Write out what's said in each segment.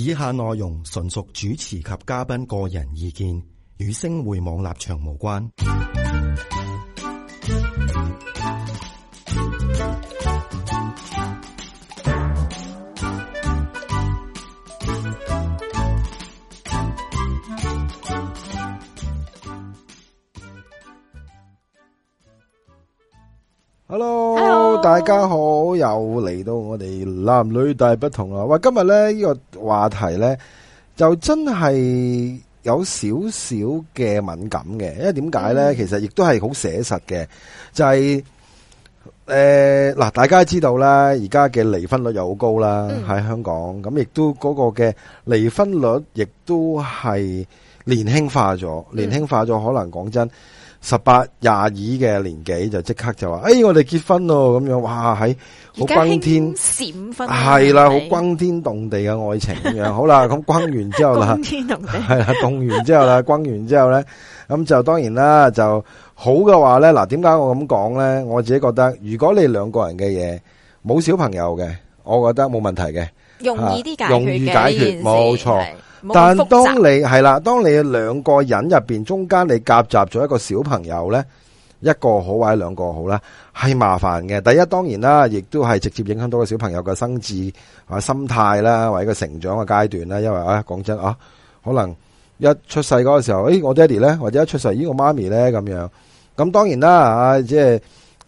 以下內容純屬主持及嘉賓個人意見，與星匯網立場無關。Hello，, Hello. 大家好，又嚟到我哋男女大不同啦。喂，今日呢、呢個。話題呢就真係有少少嘅敏感嘅，因為點解呢？嗯、其實亦都係好寫實嘅，就係誒嗱，大家知道啦，而家嘅離婚率又好高啦，喺、嗯、香港咁，亦都嗰個嘅離婚率亦都係年輕化咗，年輕化咗，可能講真。十八廿二嘅年紀就即刻就話，誒、哎，我哋結婚咯咁樣，哇，喺好轟天閃婚，係啦，好轟天動地嘅愛情咁 樣，好啦，咁轟完之後啦，係 同啦，動完之後啦，轟 完之後咧，咁就當然啦，就好嘅話咧，嗱，點解我咁講咧？我自己覺得，如果你兩個人嘅嘢冇小朋友嘅，我覺得冇問題嘅、啊，容易啲解決，冇錯。錯但當你係啦，當你兩個人入邊中間你夾雜咗一個小朋友呢，一個好或者兩個好啦，係麻煩嘅。第一當然啦，亦都係直接影響到個小朋友嘅、啊、心智心態啦，或者個成長嘅階段啦。因為啊，講真啊，可能一出世嗰個時候，誒、哎，我爹哋呢，或者一出世呢個媽咪呢，咁樣。咁當然啦，啊，即係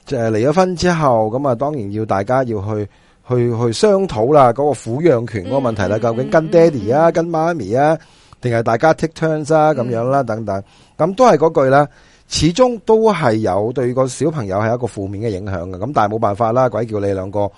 即係離咗婚之後，咁啊，當然要大家要去。去去商討啦，嗰、嗰個撫養權嗰個問題啦，嗯、究竟跟爹哋啊，跟媽咪啊，定係大家 take turns 啊，咁樣啦，嗯、等等，咁都係嗰句啦，始終都係有對個小朋友係一個負面嘅影響嘅，咁但係冇辦法啦，鬼叫你兩個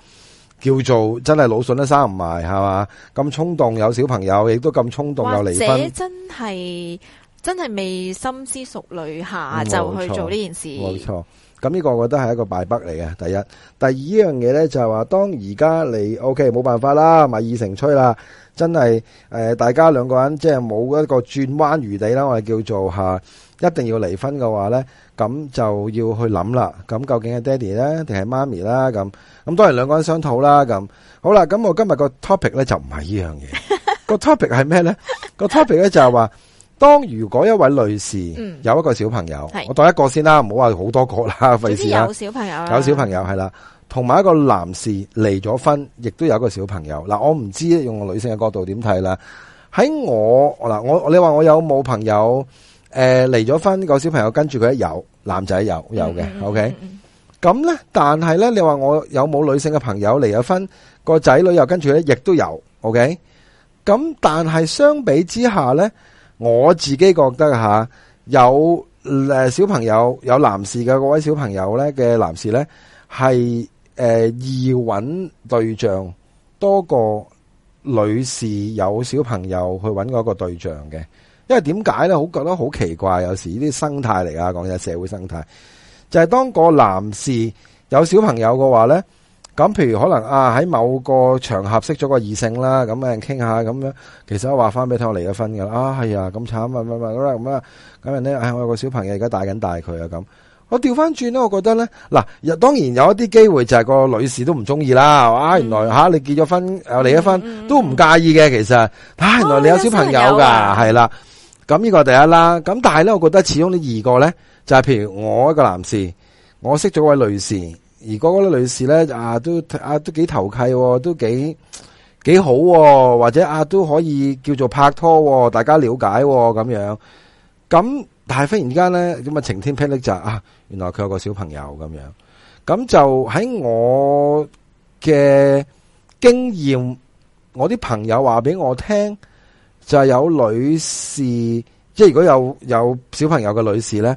叫做真係老損都生唔埋係嘛，咁衝動有小朋友，亦都咁衝動又離婚真，真係真係未深思熟慮下冇錯，就去做呢件事，冇錯。咁呢個我覺得係一個敗筆嚟嘅，第一，第二呢樣嘢咧就係話，當而家你，OK，冇辦法啦，咪二成吹啦，真係，誒，大家兩個人即係冇一個轉彎餘地啦，我哋叫做吓，一定要離婚嘅話咧，咁就要去諗啦，咁究竟係爹哋咧，定係媽咪啦，咁，咁當然兩個人商討啦，咁，好啦，咁我今日個 topic 咧就唔係呢樣嘢，個 topic 係咩咧？個 topic 咧就係話。當如果一位女士有一個小朋友，我當一個先啦，唔好話好多個啦，費事啦。有小朋友有小朋友係啦，同埋一個男士離咗婚，亦都有一個小朋友。嗱，我唔知用女性嘅角度點睇啦。喺我嗱，我你話我有冇朋友誒離咗婚，婚、嗰個小朋友跟住佢有男仔有有嘅、嗯、，OK、嗯。咁呢，但係呢，你話我有冇女性嘅朋友離咗婚、嗰個仔女又跟住佢，亦都有 OK。咁但係相比之下呢。我自己覺得吓有誒小朋友有男士嘅嗰位小朋友呢嘅男士呢，係誒易揾對象多過女士有小朋友去揾嗰個對象嘅，因為點解呢？好覺得好奇怪，有時呢啲生態嚟啊，講嘢社會生態，就係當個男士有小朋友嘅話呢。咁譬如可能啊喺某個場合識咗個異性啦，咁啊傾下咁樣，其實我話翻俾你聽，我離咗婚噶啦，啊係、哎、啊咁慘啊，咁啊咁啊，咁樣咧，我有個小朋友而家帶緊大佢啊咁，我調翻轉咧，我覺得咧，嗱，當然有一啲機會就係個女士都唔中意啦，啊，原來吓你結咗婚又離咗婚都唔介意嘅，其實，啊原來你有小朋友噶，係啦、哦，咁呢個第一啦，咁但係咧，我覺得始終呢二個咧，就係、是、譬如我一個男士，我識咗位女士。而嗰個啲女士咧，啊，都啊，都幾投契，都幾幾好，啊，或者啊，都可以叫做拍拖，大家了解咁，啊，樣。咁但係忽然間咧，咁啊晴天霹靂就是，啊，原來佢有個小朋友咁樣。咁就喺我嘅經驗，我啲朋友話俾我聽，就係有女士，即係如果有有小朋友嘅女士咧。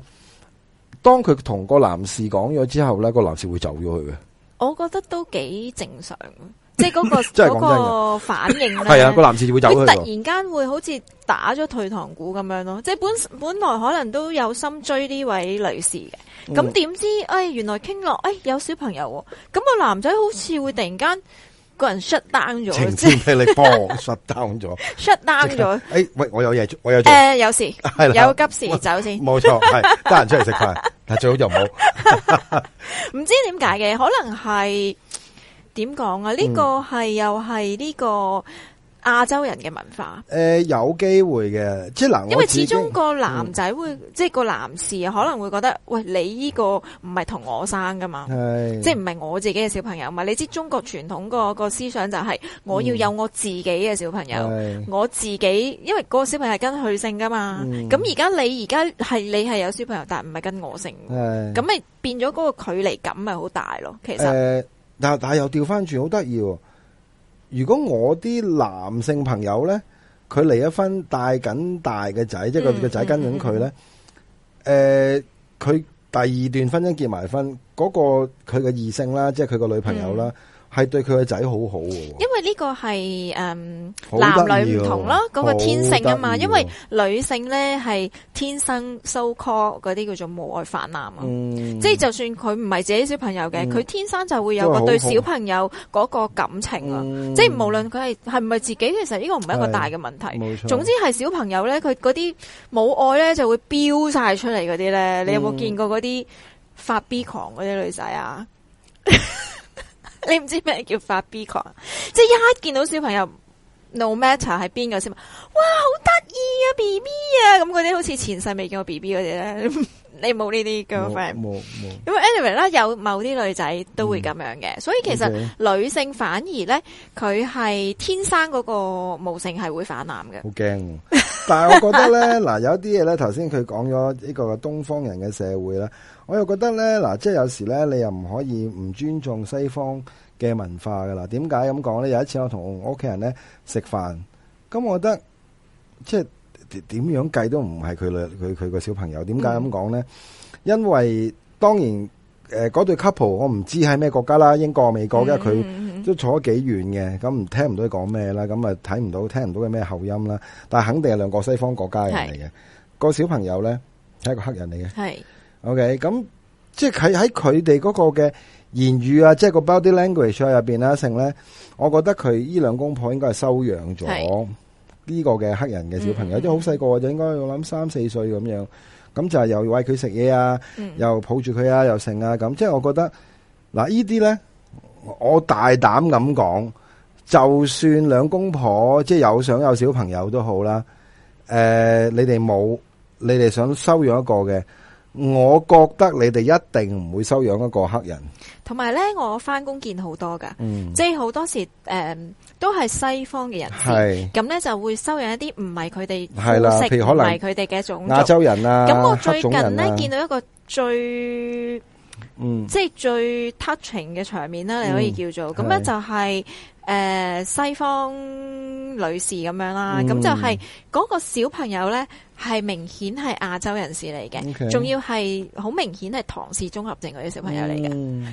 當佢同個男士講咗之後咧，個男士會走咗去嘅。我覺得都幾正常， 即係、嗰、嗰個、嗰個反應咧。係 啊，個男士會走咗去。突然間會好似打咗退堂鼓咁樣咯， 即係本本來可能都有心追呢位女士嘅，咁點、嗯、知誒、哎、原來傾落誒有小朋友、哦、咁、個男仔好似會突然間。個人甩 down 咗，情天霹靂，boom，甩 down 咗，甩 down 咗。誒，喂，我有嘢，我有誒，有事，係啦，有急事走先。冇錯，係得閒出嚟食飯，但係最好就冇。唔知點解嘅，可能係點講啊？呢個係又係呢個。亞洲人嘅文化，誒有機會嘅，即係嗱，因為始終個男仔會，即係個男士可能會覺得，喂，你呢個唔係同我生噶嘛，是的 即係唔係我自己嘅小朋友，唔係你知中國傳統個個思想就係我要有我自己嘅小朋友，嗯、我自己，因為個小朋友係跟佢姓噶嘛，咁而家你而家係你係有小朋友，但係唔係跟我姓，咁咪變咗嗰個距離感咪好大咯，其實但、欸、但又調翻轉好得意喎。如果我啲男性朋友呢，佢離咗婚，帶緊大嘅仔，即係佢個仔跟緊佢呢，誒、嗯，佢、嗯嗯呃、第二段婚姻結埋婚，嗰、那個佢嘅異性啦，即係佢個女朋友啦。嗯係對佢個仔好好喎，因為呢個係誒，男女唔同咯，嗰個天性啊嘛。因為女性咧係天生 so called 嗰啲，叫做母愛泛濫啊，即係就算佢唔係自己小朋友嘅，佢天生就會有個對小朋友嗰個感情啊。即係無論佢係係唔係自己，其實呢個唔係一個大嘅問題。冇錯。總之係小朋友咧，佢嗰啲母愛咧就會飆晒出嚟嗰啲咧。你有冇見過嗰啲發 B 狂嗰啲女仔啊？你唔知咩叫發 B 狂，即係一見到小朋友 no matter 係邊個先，哇好得意啊 B B 啊，咁嗰啲好似前世未見過 B B 嗰啲咧， 你冇呢啲 girlfriend，冇冇。因為 Anyway 啦，有某啲女仔都會咁樣嘅，嗯、所以其實女性反而咧，佢係、嗯、天生嗰個母性係會反濫嘅。好驚，但係我覺得咧，嗱 有啲嘢咧，頭先佢講咗呢個東方人嘅社會啦。我又覺得咧，嗱，即係有時咧，你又唔可以唔尊重西方嘅文化噶啦。點解咁講咧？有一次我同屋企人咧食飯，咁我覺得即係點樣計都唔係佢佢佢個小朋友。點解咁講咧？嗯、因為當然誒，嗰、呃、對 couple 我唔知喺咩國家啦，英國、美國嘅佢、嗯嗯嗯、都坐咗幾遠嘅，咁唔聽唔到佢講咩啦，咁啊睇唔到聽唔到嘅咩口音啦。但肯定係兩個西方國家人嚟嘅，是 個小朋友咧係一個黑人嚟嘅。OK，咁即係喺喺佢哋嗰個嘅言語啊，即係個 body language 喺入邊啦，成咧、啊，我覺得佢依兩公婆應該係收養咗呢個嘅黑人嘅小朋友，是即係好細個就應該我諗三四歲咁樣，咁就係又餵佢食嘢啊，又抱住佢啊，又成啊，咁即係我覺得嗱，呢啲咧，我大膽咁講，就算兩公婆即係有想有小朋友都好啦，誒、呃，你哋冇，你哋想收養一個嘅。我覺得你哋一定唔會收養一個黑人，同埋咧，我翻工見好多㗎，嗯，即係好多時，誒，都係西方嘅人士，咁咧就會收養一啲唔係佢哋，係啦，譬如可能唔係佢哋嘅一種亞洲人啦，咁我最近咧見到一個最，嗯，即係最 touching 嘅場面啦，你可以叫做咁咧，就係誒西方女士咁樣啦，咁就係嗰個小朋友咧。係明顯係亞洲人士嚟嘅，仲 Okay. 要係好明顯係唐氏綜合症嗰啲小朋友嚟嘅。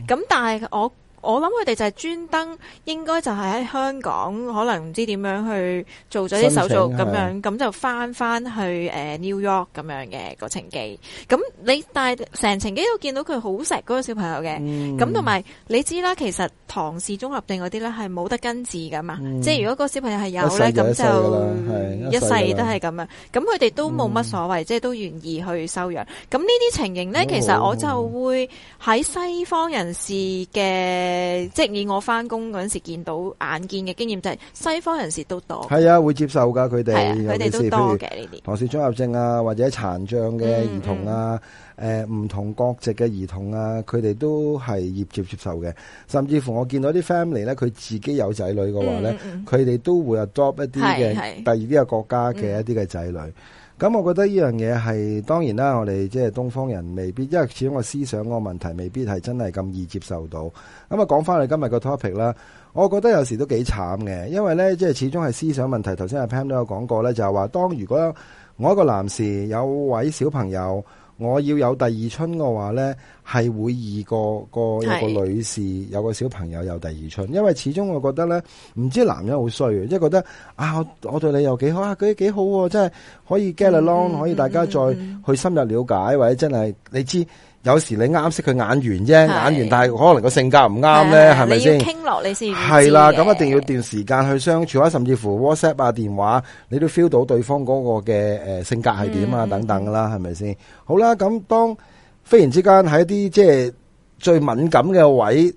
咁、嗯、但係我。我諗佢哋就係專登，應該就係喺香港，可能唔知點樣去做咗啲手續咁請樣，咁是的 就翻翻去誒、呃、New York 咁樣嘅、個程記。咁你但係成程記都見到佢好錫嗰個小朋友嘅。咁同埋你知啦，其實唐氏綜合症嗰啲咧係冇得根治噶嘛。嗯、即係如果個小朋友係有咧，咁就一世都係咁樣。咁佢哋都冇乜所謂，嗯、即係都願意去收養。咁呢啲情形咧，好其實我就會喺西方人士嘅。誒，即以我翻工嗰陣時見到眼見嘅經驗，就係西方人士都多，係啊，會接受噶佢哋，佢哋、啊、都多嘅呢啲，唐氏綜合症啊，或者殘障嘅兒童啊，誒、嗯嗯，唔、呃、同國籍嘅兒童啊，佢哋都係業接接受嘅，甚至乎我見到啲 family 咧，佢自己有仔女嘅話咧，佢哋、嗯嗯、都會有 d o p 一啲嘅第二啲嘅國家嘅一啲嘅仔女。嗯咁我覺得呢樣嘢係當然啦，我哋即係東方人未必，因為始終個思想個問題未必係真係咁易接受到。咁啊講翻你今日個 topic 啦，我覺得有時都幾慘嘅，因為咧即係始終係思想問題。頭先阿 Pan 都有講過咧，就係話當如果我一個男士有位小朋友，我要有第二春嘅話咧，係會易過個有個女士是有個小朋友有第二春，因為始終我覺得咧，唔知男人好衰，即係覺得啊，我我對你又幾好啊，佢幾好，啊，真係可以 get along，、嗯嗯，可以大家再去深入了解，嗯嗯，或者真係你知。有時你啱識佢眼緣啫，眼緣但係可能個性格唔啱咧，係咪先？的吧你要傾落你先。係啦，咁一定要段時間去相處啊，甚至乎 WhatsApp 啊、電話，你都 feel 到對方嗰個嘅誒性格係點啊，嗯嗯等等啦，係咪先？好啦，咁當忽然之間喺一啲即係最敏感嘅位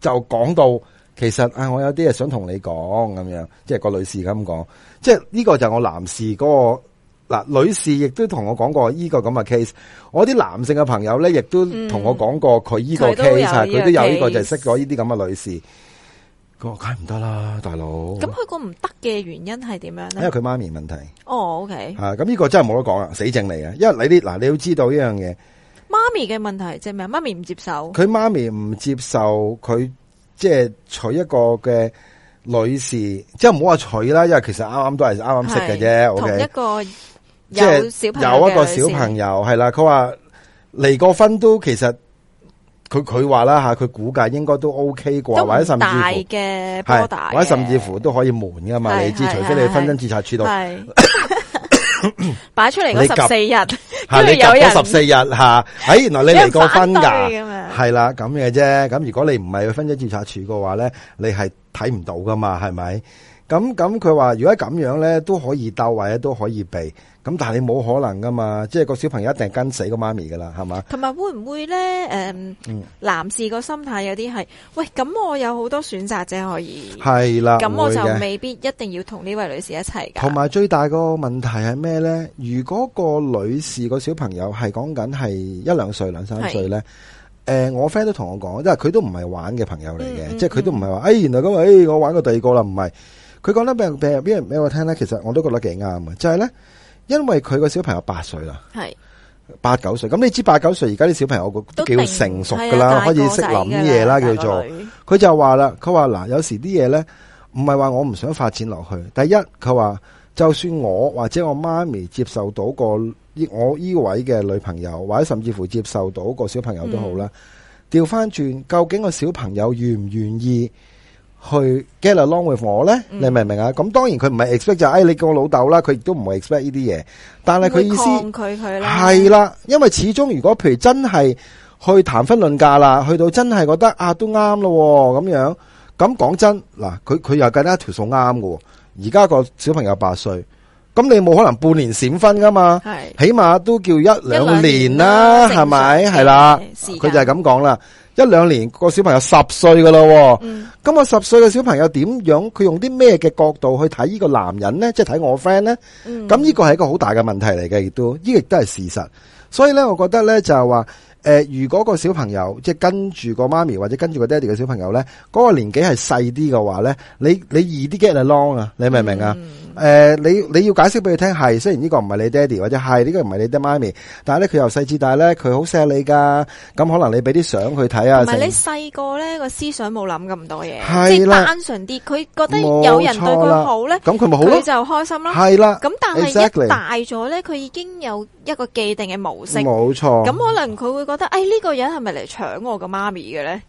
就講到，其實啊、哎，我有啲嘢想同你講，咁樣即係個女士咁講，即係呢個就我男士嗰、那個。嗱，女士亦都同我講過呢個咁嘅 case，我啲男性嘅朋友咧，亦都同我講過佢呢個 case，佢都有呢個，有個就係識咗呢啲咁嘅女士。佢話，梗係唔得啦，大佬。咁佢個唔得嘅原因係點樣咧？因為佢媽咪問題。哦，OK。係，啊，咁呢個真係冇得講啦，死症嚟嘅。因為你啲嗱，你要知道呢樣嘢，媽咪嘅問題即係咩？媽咪唔接受。佢媽咪唔接受佢即係娶一個嘅女士，即係唔好話娶啦，因為其實啱啱都係啱啱識嘅啫。同一個。即係有有一個小朋友係啦，佢話離個婚都其實佢佢話啦吓，佢估計應該都 OK 啩，或者甚至乎或者甚至乎都可以瞞噶嘛。你知除非你去婚姻註冊處度擺出嚟，你十四日你隔咗十四日吓，哎，原來你離過婚噶，係啦咁嘅啫。咁如果你唔係去婚姻註冊處嘅話咧，你係睇唔到噶嘛，係咪？咁咁佢話如果咁樣咧都可以鬥或者都可以避，咁但係你冇可能噶嘛，即係個小朋友一定跟死個媽咪噶啦，係嘛、嗯？同埋吧會唔會咧？誒、呃，嗯、男士個心態有啲係，喂，咁我有好多選擇啫可以係啦，咁的我就未必一定要同呢位女士一齊噶。同埋最大個問題係咩咧？如果個女士個小朋友係講緊係一兩歲兩三歲咧，誒是的、呃，我 friend 都同我講，即係佢都唔係玩嘅朋友嚟嘅，嗯、即係佢都唔係話，誒、嗯哎，原來咁，誒、哎，我玩過第二個啦，唔係。佢講得俾人俾人俾我聽咧，其實我都覺得幾啱啊！就係咧，因為佢個小朋友八歲啦，係八九歲。咁你知八九歲而家啲小朋友個都幾成熟噶啦，可以識諗嘢啦，叫做佢就話啦。佢話嗱，有時啲嘢咧，唔係話我唔想發展落去。第一，佢話就算我或者我媽咪接受到個，我依位嘅女朋友，或者甚至乎接受到個小朋友都好啦。調翻轉，究竟個小朋友願唔願意？去 get along with 我咧，你明唔明啊？咁當然佢唔係 expect 就，誒你叫我老豆啦，佢亦都唔係 expect 呢啲嘢。但係佢意思，佢佢係啦，因為始終如果譬如真係去談婚論嫁啦，去到真係覺得啊都啱咯咁樣。咁講真嗱，佢佢又計得一條數啱嘅。而家個小朋友八歲，咁你冇可能半年閃婚噶嘛？係，起碼都叫一兩年啦，係咪？係啦，佢就係咁講啦。一兩年，個小朋友十歲噶喎。咁我、嗯、十歲嘅小朋友點樣？佢用啲咩嘅角度去睇呢個男人呢？即係睇我 friend 呢？咁呢、嗯、個係一個好大嘅問題嚟嘅，亦都呢亦都係事實。所以呢，我覺得呢就係、是、話，誒、呃，如果個小朋友即係跟住個媽咪或者跟住個爹哋嘅小朋友呢，嗰、嗰個年紀係細啲嘅話呢，你你易啲 get along 啊？你明唔明啊？嗯誒、呃，你你要解釋俾佢聽係，雖然呢個唔係你爹哋，或者係呢個唔係你爹媽咪，但係咧佢由細至大咧佢好錫你噶咁可能你俾啲相佢睇啊，唔係是成你細個咧個思想冇諗咁多嘢，是啦即係單純啲，佢覺得有人對佢好咧，咁佢咪好，佢就開心咯。係啦，咁但係一大咗咧，佢已經有一個既定嘅模式。冇錯錯，咁可能佢會覺得，誒、哎、呢、這個人係咪嚟搶我個媽咪嘅咧？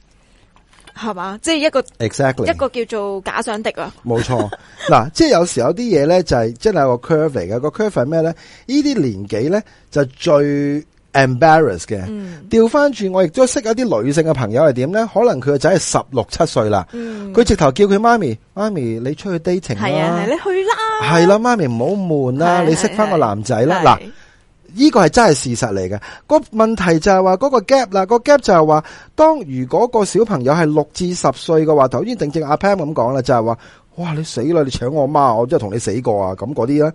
係嘛，即係一個，Exactly 一個叫做假想敵錯 啊。冇錯，嗱，即係有時有啲嘢咧，就係真係有個 curve 嚟嘅。個 curve 係咩咧？呢啲年紀咧就最 embarrass 嘅。調翻轉，我亦都識一啲女性嘅朋友係點咧？可能佢個仔係十六七歲啦，佢、嗯、直頭叫佢媽咪，媽咪你出去 dating 啦、啊，你去啦，係啦，媽咪唔好悶啦，悶的你識翻個男仔啦，嗱。呢個係真係事實嚟嘅，個問題就係話嗰個 gap 啦，個 gap 就係話，當如果個小朋友係六至十歲嘅話，頭先定正阿 Pam 咁講啦，就係、是、話，哇你死啦，你搶我媽，我真係同你死過啊，咁嗰啲咧，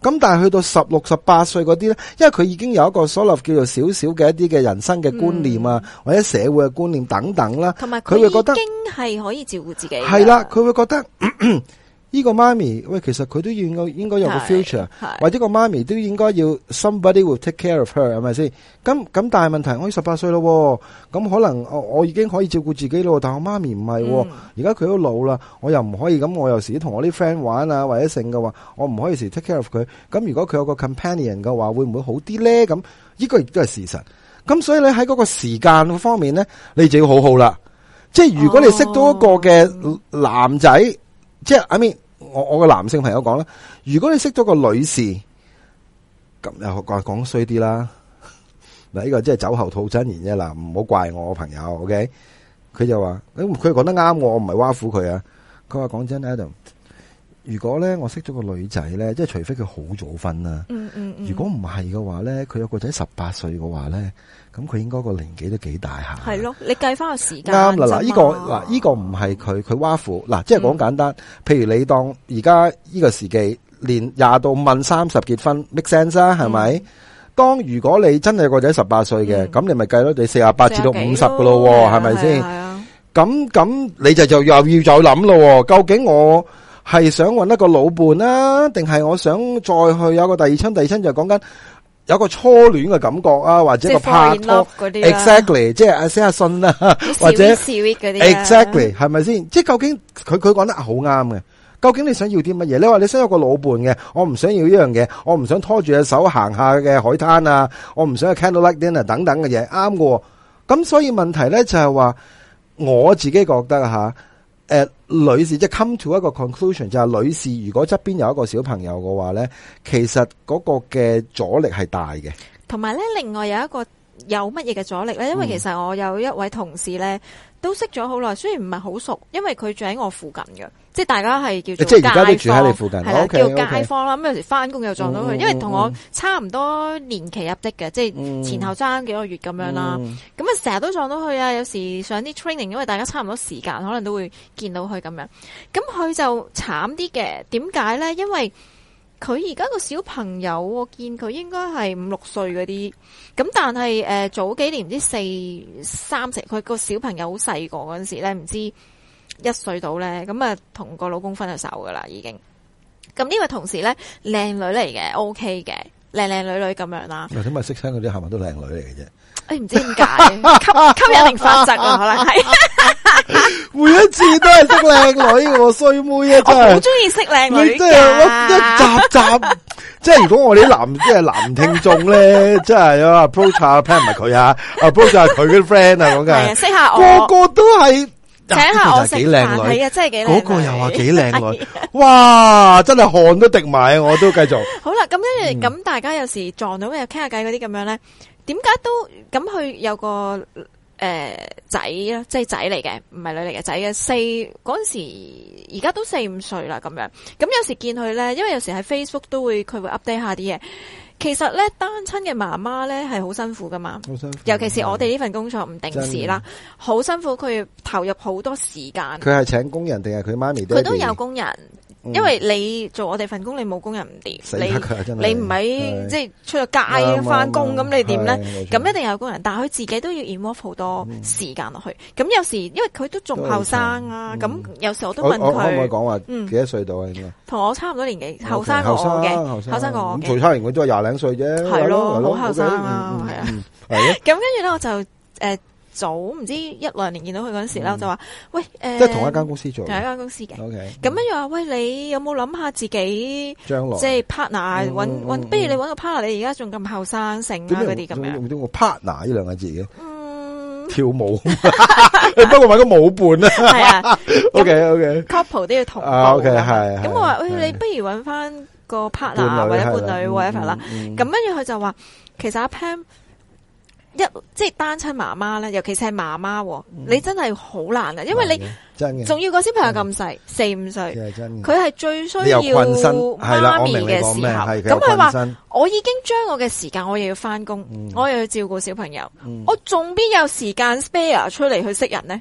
咁但係去到十六、十八歲嗰啲咧，因為佢已經有一個所謂叫做少少嘅一啲嘅人生嘅觀念啊，嗯、或者社會嘅觀念等等啦，同埋佢已經係可以照顧自己，係啦，佢會覺得。呢個媽咪，喂，其實佢都應夠應該有個 future，或者個媽咪都應該要 somebody will take care of her，係咪先？咁咁，但係問題我已經十八歲咯，咁可能我我已經可以照顧自己咯，但我媽咪唔係，而家佢都老啦，我又唔可以咁。我有時同我啲 friend 玩啊，或者性嘅話，我唔可以時 take care of 佢。咁如果佢有個 companion 嘅話，會唔會好啲呢？咁呢個亦都係事實。咁所以你喺嗰個時間方面呢，你就要好好啦。即係如果你識到一個嘅男仔。哦男即係 I mean，我我個男性朋友講啦，如果你識咗個女士咁，又講講衰啲啦嗱，呢個即係酒後吐真言啫啦，唔好怪我朋友。OK，佢就話，佢、欸、講得啱我，唔係挖苦佢啊。佢話講真咧就。Adam，如果咧，我識咗個女仔咧，即係除非佢好早婚啦、嗯。嗯嗯如果唔係嘅話咧，佢有個仔十八歲嘅話咧，咁佢應該個年紀都幾大下。係咯，你計翻、這個時間。啱、這、啦、個，嗱，依個嗱，依個唔係佢佢蛙婦。嗱，即係講簡單，嗯、譬如你當而家呢個時機，年廿到五三十結婚、嗯、make sense 啦，係咪？當如果你真係有個仔十八歲嘅，咁你咪計到你四十八至到五十噶咯，係咪先？咁咁你就就又要再諗咯，究竟我？係想揾一個老伴啦，定係我想再去有個第二春？第二春就講緊有個初戀嘅感覺啊，或者個拍拖，啊，Exactly，即係阿 s 阿信啊，或者時尾時尾，啊，Exactly 係咪先？即係究竟佢佢講得好啱嘅？究竟你想要啲乜嘢？你話你想有個老伴嘅，我唔想要呢樣嘢，我唔想拖住隻手行下嘅海灘啊，我唔想去 Candlelight Dinner 等等嘅嘢，啱嘅，啊。咁所以問題咧就係話，我自己覺得吓，誒，啊。女士即係 come to 一個 conclusion，就係女士如果側邊有一個小朋友嘅話咧，其實嗰個嘅阻力係大嘅。同埋咧，另外有一個有乜嘢嘅阻力咧？因為其實我有一位同事咧，都識咗好耐，雖然唔係好熟，因為佢住喺我附近嘅。即係大家係叫做街坊，即係而家都住喺你附近，係啦，叫街坊啦。咁有時返工又撞到佢，因為同我差唔多年期入職嘅，即係前後爭幾個月咁樣啦。咁啊，成日都撞到佢啊。有時上啲 training，因為大家差唔多時間，可能都會見到佢咁樣。咁佢就慘啲嘅，點解咧？因為佢而家個小朋友，我見佢應該係五六歲嗰啲。咁但係誒，早幾年啲四三成，佢個小朋友好細個嗰陣時咧，唔知。一歲到咧，咁啊同個老公分咗手噶啦，已經。咁呢位同事咧，靚女嚟嘅，OK 嘅，靚靚女女咁樣啦。咁咪識生嗰啲行咪都靚女嚟嘅啫。誒，唔知點解吸吸引力法則可能係。每一次都係識靚女嘅衰妹啊！真係好中意識靚女。即係一集集，即係如果我哋啲男即係男聽眾咧，即係啊 approach 吓唔係佢啊，啊 approach 係佢嘅 friend 啊，咁嘅。識下我個個都係。請下我食茶，係啊，真係幾靚女，嗰個又話幾靚女，哇，真係汗都滴埋，我都繼續。好啦，咁跟住，咁大家有時撞到又傾下偈嗰啲咁樣咧，點解都咁佢有個誒仔咯，即係仔嚟嘅，唔係女嚟嘅仔嘅，四嗰陣時而家都四五歲啦，咁樣，咁有時見佢咧，因為有時喺 Facebook 都會佢會 update 下啲嘢。其實咧，單親嘅媽媽咧，係好辛苦㗎嘛，好辛苦，尤其是我哋呢份工作唔定時啦，好辛苦，佢投入好多時間。佢係請工人定係佢媽咪？佢都有工人。因為你做我哋份工，你冇工人唔掂，你你唔係即係出咗街返工咁，你點咧？咁一定有工人，但係佢自己都要 involve 好多時間落去。咁有時因為佢都仲後生啊，咁有時我都問佢，可唔可以講話幾多歲到啊？應該同我差唔多年紀，後生我嘅後生我，後生我，佢差唔多都係廿零歲啫，係咯，好後生啊，係啊。咁跟住咧，我就誒。早唔知一兩年見到佢嗰陣時我就話：喂，誒，即係同一間公司做，同一間公司嘅。OK。咁樣又話：喂，你有冇諗下自己將來？即係 partner 揾揾，不如你揾個 partner。你而家仲咁後生，性啊嗰啲咁樣。用啲個 partner 呢兩個字嘅。嗯。跳舞。不過揾個舞伴啊。係啊。OK OK。Couple 都要同 OK 係。咁我話：喂，你不如揾翻個 partner 或者伴侶 whatever 啦。咁跟住佢就話：其實阿 Pam 一即係單親媽媽咧，尤其是係媽媽，你真係好難啊！因為你仲要個小朋友咁細，四五歲，佢係最需要媽咪嘅時候。咁佢話：我已經將我嘅時間，我又要翻工，我又要照顧小朋友，我仲邊有時間 spare 出嚟去識人呢？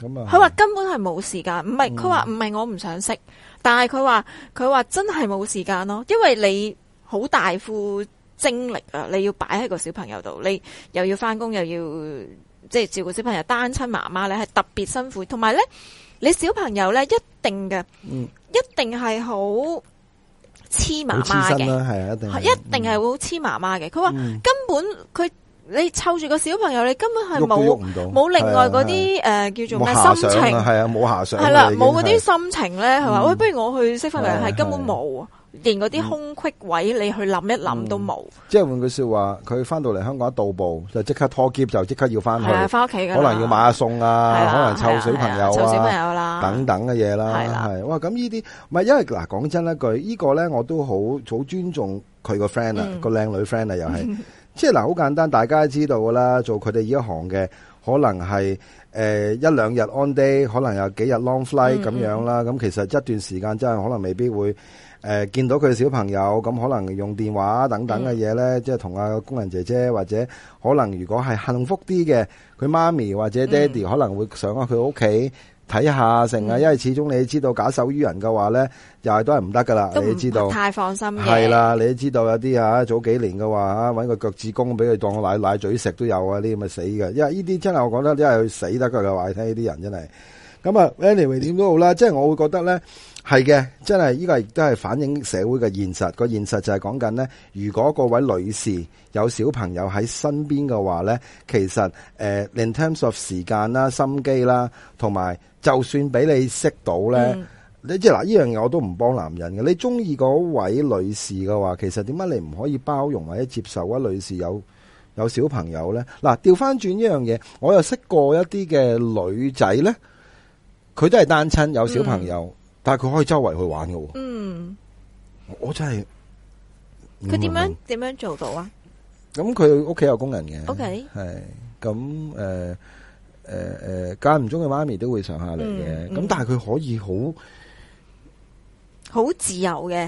咁啊，佢話根本係冇時間。唔係佢話唔係我唔想識，但係佢話佢話真係冇時間咯，因為你好大負精力啊，你要擺喺個小朋友度，你又要翻工又要即係照顧小朋友，單親媽媽咧係特別辛苦，同埋咧你小朋友咧一定嘅，一定係好黐媽媽嘅，係、嗯、一定，一定係會好黐媽媽嘅。佢、嗯、話根本佢你湊住個小朋友，你根本係冇冇另外嗰啲誒叫做咩心情，係啊，冇下想，係啦、啊，冇嗰啲心情咧，佢話：嗯「喂、哎，不如我去識翻人係根本冇。連嗰啲空隙位，嗯、你去諗一諗都冇、嗯。即係換句說話，佢翻到嚟香港一到步，就即刻拖喼，就即刻要翻去。翻屋企可能要買下餸啊，啊可能湊小朋友、啊，湊、啊啊啊、小朋友啦、啊，等等嘅嘢啦。係係哇，咁呢啲唔係因為嗱，講真一句，呢、這個咧我都好好尊重佢個 friend 啊，個靚、嗯、女 friend 啊，又係、嗯、即係嗱，好簡單，大家知道噶啦，做佢哋呢一行嘅。可能係誒一兩日 on day，可能有幾日 long flight 咁樣啦。咁其實一段時間真係可能未必會誒見到佢小朋友。咁可能用電話等等嘅嘢呢，即係同阿工人姐姐或者可能如果係幸福啲嘅，佢媽咪或者爹哋可能會上翻佢屋企。睇下成啊，因為始終你知道假手於人嘅話咧，又係都係唔得噶啦。你知道太放心嘅係啦，你都知道有啲啊，早幾年嘅話吓，揾個腳趾公俾佢當奶奶嘴食都有啊，呢咁啊死嘅，因為呢啲真係我講得真係死得噶啦，話你聽呢啲人真係。咁啊，anyway 點都好啦，即係我會覺得咧。係嘅，真係呢個亦都係反映社會嘅現實。個現實就係講緊呢：如果嗰位女士有小朋友喺身邊嘅話呢，其實誒、呃、，in terms of 時間、嗯、啦、心機啦，同埋就算俾你識到呢，你即係嗱，呢樣嘢我都唔幫男人嘅。你中意嗰位女士嘅話，其實點解你唔可以包容或者接受啊？女士有有小朋友呢？嗱，調翻轉呢樣嘢，我又識過一啲嘅女仔呢，佢都係單親，有小朋友。嗯但係佢可以周圍去玩嘅、嗯，嗯，我真係佢點樣點樣做到啊？咁佢屋企有工人嘅，O K，係咁誒誒誒間唔中嘅媽咪都會上下嚟嘅，咁、嗯、但係佢可以好好自由嘅，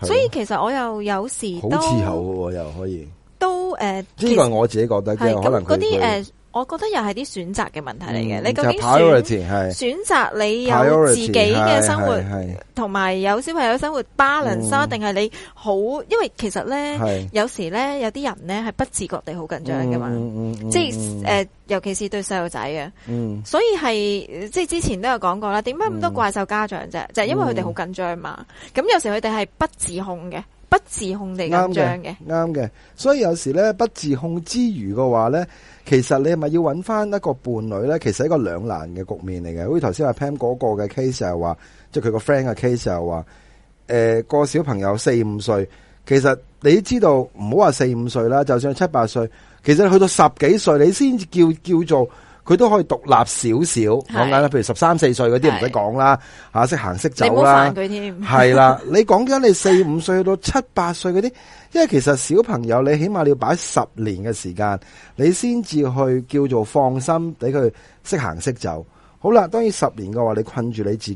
嗯、所以其實我又有時都好自由嘅，又可以都誒，呢、呃、個係我自己覺得，嘅實。可能佢。那那他我覺得又係啲選擇嘅問題嚟嘅，嗯、你究竟選 priority，選擇你有自己嘅生活，同埋有小朋友生活 balance 定係你好？因為其實咧是，有時咧，有啲人咧係不自覺地好緊張嘅嘛。嗯嗯嗯、即係誒、呃，尤其是對細路仔嘅。嗯、所以係即係之前都有講過啦，點解咁多怪獸家長啫？嗯、就係因為佢哋好緊張嘛。咁有時佢哋係不自控嘅。不自控嚟緊張嘅，啱嘅。所以有時咧不自控之餘嘅話咧，其實你係咪要搵翻一個伴侶咧？其實係一個兩難嘅局面嚟嘅。好似頭先阿 Pam 嗰個嘅 case 又就話，是，即係佢個 friend 嘅 case 又話，誒、那個小朋友四五歲，其實你知道唔好話四五歲啦，就算七八歲，其實你去到十幾歲，你先至叫叫做。佢都可以獨立少少，講緊啦，譬如十三四歲嗰啲唔使講啦，嚇識行識走啦，你唔好煩佢添。係啦，你講緊你四五歲到七八歲嗰啲，因為其實小朋友你起碼你要擺十年嘅時間，你先至去叫做放心俾佢識行識走。好啦，當然十年嘅話，你困住你自己，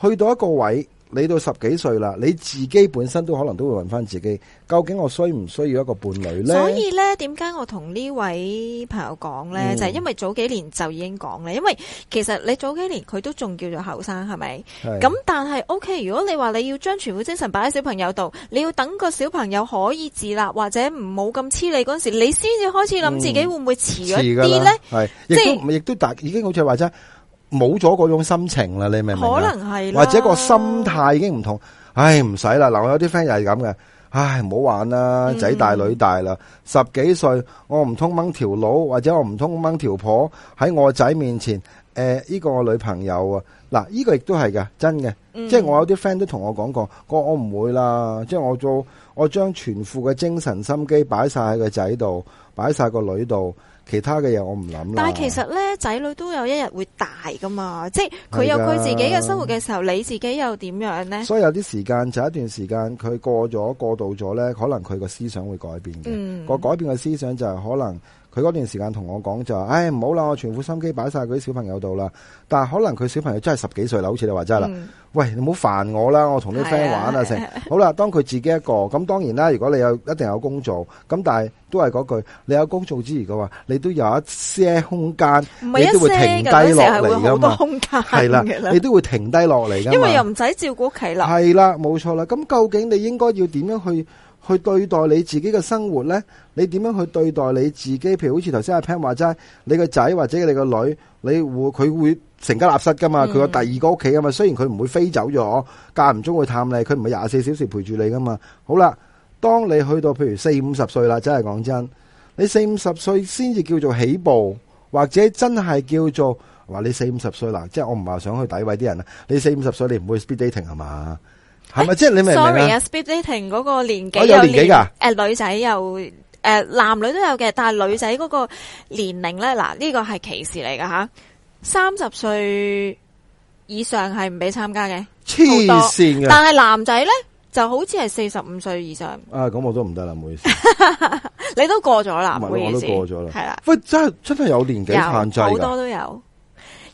去到一個位。你到十幾歲啦，你自己本身都可能都會問翻自己，究竟我需唔需要一個伴侶呢？所以呢，點解我同呢位朋友講呢？嗯、就係因為早幾年就已經講啦。因為其實你早幾年佢都仲叫做後生，係咪？咁是 但係 O K，如果你話你要將全部精神擺喺小朋友度，你要等個小朋友可以自立或者唔好咁黐你嗰時，你先至開始諗自己會唔會遲咗啲呢？係、嗯，即係亦都，都已經好似話齋。冇咗嗰種心情啦，你明唔明可能係啊？或者個心態已經唔同。唉，唔使啦。嗱，我有啲 friend 又係咁嘅。唉，唔好玩啦，仔大女大啦，嗯、十幾歲，我唔通掹條佬，或者條婆婆我唔通掹條婆喺我仔面前。誒、呃，依、呢個我女朋友啊，嗱，呢、呢個亦都係㗎，真嘅、嗯。即係我有啲 friend 都同我講過，我我唔會啦。即係我做，我將全副嘅精神心機擺晒喺個仔度，擺晒個女度。其他嘅嘢我唔諗啦，但係其實咧，仔女都有一日會大㗎嘛，即係佢有佢自己嘅生活嘅時候，是的 你自己又點樣咧？所以有啲時間就、一段時間，佢過咗過渡咗咧，可能佢個思想會改變嘅。個、嗯、改變嘅思想就係可能。佢嗰段時間同我講就話：，唉，唔好啦，我全副心機擺曬佢啲小朋友度啦。但係可能佢小朋友真係十幾歲啦，好似你話齋啦。喂，你唔好煩我啦，我同啲 friend 玩啊成。好啦，當佢自己一個。咁當然啦，如果你有一定有工做，咁但係都係嗰句，你有工做之餘嘅話，你都有一些空間，你都會停低落嚟㗎嘛。空間係啦，你都會停低落嚟㗎。因為又唔使照顧屋企。係啦，冇錯啦。咁究竟你應該要點樣去？去對待你自己嘅生活呢？你點樣去對待你自己？譬如好似頭先阿 Pan 話齋，你個仔或者你個女，你會佢會成家立室㗎嘛？佢、嗯、有第二個屋企㗎嘛？雖然佢唔會飛走咗，間唔中會探你，佢唔係廿四小時陪住你㗎嘛？好啦，當你去到譬如四五十歲啦，真係講真，你四五十歲先至叫做起步，或者真係叫做話你四五十歲啦，即係我唔係話想去詆毀啲人啊，你四五十歲你唔會 speed dating 係嘛？係咪即係你明白唔明白 Sorry 啊，speed dating 嗰個年紀、oh, 有年紀噶，誒、呃、女仔有，誒、呃、男女都有嘅，但係女仔嗰個年齡咧，嗱呢、呢個係歧視嚟噶吓，三十歲以上係唔俾參加嘅，黐線嘅。但係男仔咧就好似係四十五歲以上。啊，咁我都唔得啦，唔好意思， 你都過咗啦，唔不好意思。我都過咗啦，係啦了。喂，真係真係有年紀限制好多都有。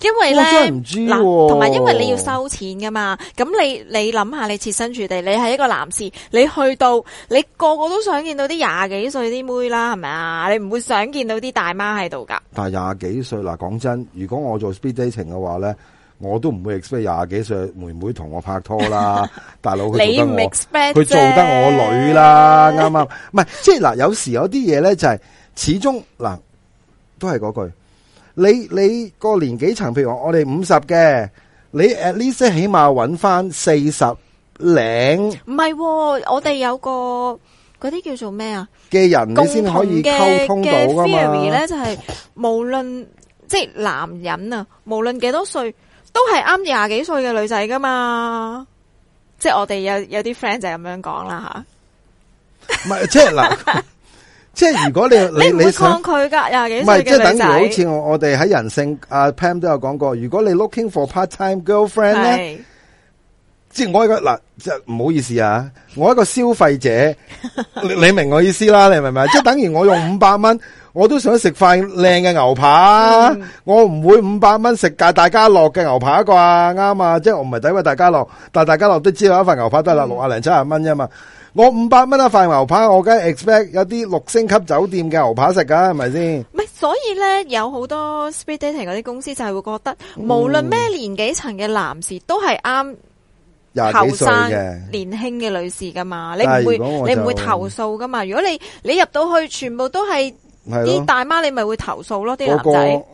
因為咧，嗱、唔知，同埋因為你要收錢噶嘛，咁你你諗下，你設身處地，你係一個男士，你去到你個個都想見到啲廿幾歲啲妹啦，係咪啊？你唔會想見到啲大媽喺度噶？但係廿幾歲嗱，講真，如果我做 speed dating 嘅話咧，我都唔會 expect 廿幾歲妹妹同我拍拖啦， 大佬佢做得我，你唔 expect，佢做得我女啦，啱啱？ 唔係，即係嗱，有時有啲嘢咧，就係始終嗱，都係嗰句。你你個年紀層，譬如我哋五十嘅，你 at least 起碼揾翻四十零。唔係、哦，我哋有個嗰啲叫做咩啊嘅人，你先可以溝通到㗎嘛？咧就係無論即係男人啊，無論幾多歲，都係啱廿幾歲嘅女仔㗎嘛。即係我哋有有啲 friend 就係咁樣講啦吓。唔係，即係啦。啊 即係如果你你你，抗拒你想佢噶廿幾歲嘅女仔唔係即係等於好似我我哋喺人性啊，Pam 都有講過，如果你 looking for part time girlfriend 咧，是，即係我一個嗱，即係唔好意思啊，我一個消費者 你，你明我意思啦，啊，你明唔明？即係等於我用五百蚊，我都想食塊靚嘅牛扒， 我唔會五百蚊食架大家樂嘅牛扒啩，啱啊，即係我唔係詆毀大家樂，但係大家樂都知道一塊牛扒得係六廿零七廿蚊啫嘛。嗯我五百蚊一塊牛扒，我梗係 expect 有啲六星級酒店嘅牛扒食噶，係咪先？唔係，所以咧有好多 speed dating 嗰啲公司就係會覺得，無論咩年紀層嘅男士都係啱後生嘅年輕嘅女士噶嘛，嗯、你唔會你唔會投訴噶嘛？如果你你入到去，全部都係啲大媽，你咪會投訴咯，啲個個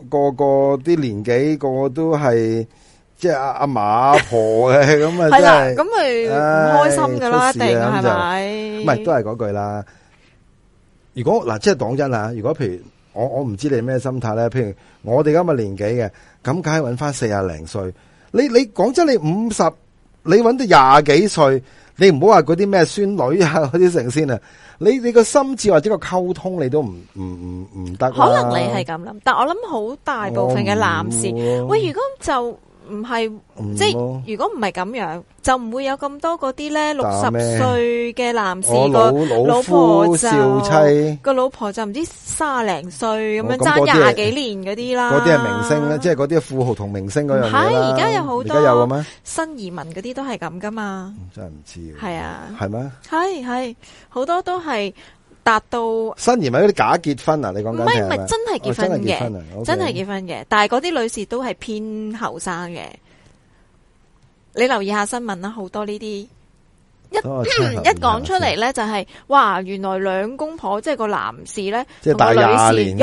個個啲年紀個個都係。即係阿阿嫲阿婆嘅咁啊，係啦， 咁咪唔開心噶啦，一定係咪？唔係，都係嗰句啦。如果嗱，即係講真啊，如果譬如我我唔知你咩心態咧，譬如我哋咁嘅年紀嘅，咁梗係揾翻四啊零歲。你你講真，你五十，你揾到廿幾歲，你唔好話嗰啲咩孫女啊嗰啲成先啊。你你個心智或者個溝通，你都唔唔唔唔得。不不不可能你係咁諗，但我諗好大部分嘅男士，啊、喂，如果就。唔係，唔係，嗯、即係如果唔係咁樣，就唔會有咁多嗰啲咧六十歲嘅男士個老，老，老婆就少妻，個老婆就唔知卅零歲咁樣爭廿、嗯、幾年嗰啲啦。嗰啲係明星啦，即係嗰啲富豪同明星嗰樣嘢啦。而家有好多新移民嗰啲都係咁噶嘛。嗯、真係唔知。係啊。係咩嗎？係，係好多都係。達到新移民嗰啲假結婚啊？你講，唔係唔係真係結婚嘅？哦，真係結婚嘅，okay。但係嗰啲女士都係偏後生嘅。你留意下新聞啦，好多呢啲一一講出嚟咧，就係、是、哇，原來兩公婆即係個男士咧，即係廿廿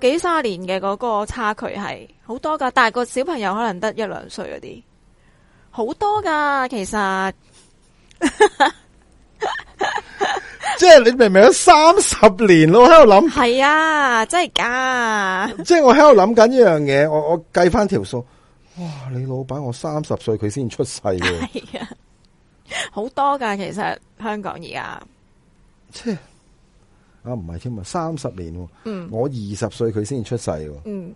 幾卅年嘅嗰個差距係好多噶但係個小朋友可能得一兩歲嗰啲好多噶，其實。 即係你明明三十年咯，喺度諗係啊，真係噶！即係我喺度諗緊一樣嘢，我我計翻條數，哇！你老闆我三十歲佢先出世喎，係啊，好多噶，其實香港而家，即係啊唔係添啊三十年，嗯，我二十歲佢先出世，嗯，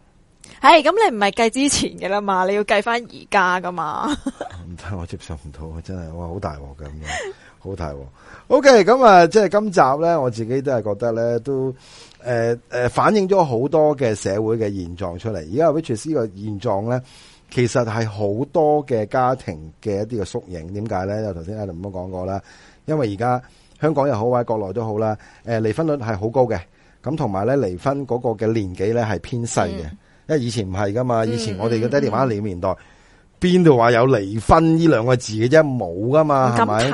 係、哎，咁你唔係計之前嘅啦嘛？你要計翻而家噶嘛，唔得，我接受唔到，真係我好大鑊㗎。咁樣。 好睇、哦、，OK，咁啊，即係今集咧，我自己都係覺得咧，都誒誒、呃，反映咗好多嘅社會嘅現狀出嚟。而家《w h i c h e s 呢個現狀咧，其實係好多嘅家庭嘅一啲嘅縮影。點解咧？又頭先阿林都講過啦，因為而家香港又好，或者國內都好啦，誒、呃，離婚率係好高嘅，咁同埋咧，離婚嗰個嘅年紀咧係偏細嘅，嗯、因為以前唔係噶嘛，嗯、以前我哋嘅爹哋媽咪年代。邊度話有離婚呢兩個字嘅啫，冇噶嘛，係咪？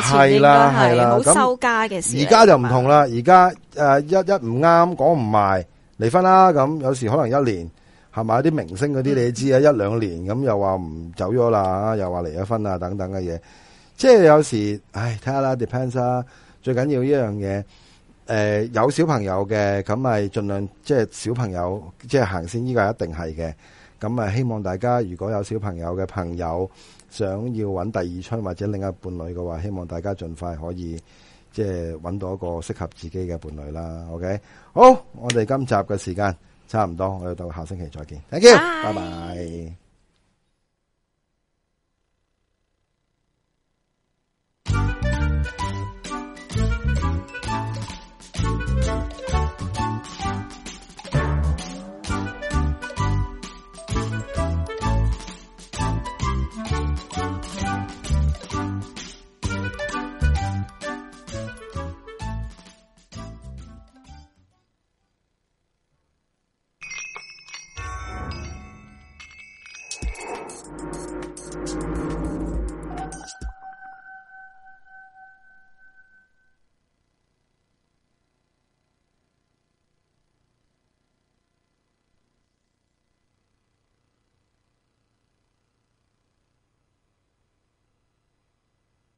係啦吧，係啦。冇收家嘅事。而家就唔同啦。而家誒，一一唔啱，講唔埋，離婚啦。咁有時可能一年，係咪？啲明星嗰啲你知啊，嗯、一兩年咁又話唔走咗啦，又話離咗婚啊，等等嘅嘢。即係有時，唉，睇下啦，depends 啦。最緊要呢樣嘢，誒、呃，有小朋友嘅，咁咪盡量即係小朋友即係行先，呢個一定係嘅。咁啊，希望大家如果有小朋友嘅朋友想要搵第二春或者另一伴侶嘅話，希望大家盡快可以即係搵到一個適合自己嘅伴侶啦。OK，好，我哋今集嘅時間差唔多，我哋到下星期再見，Thank you，拜拜。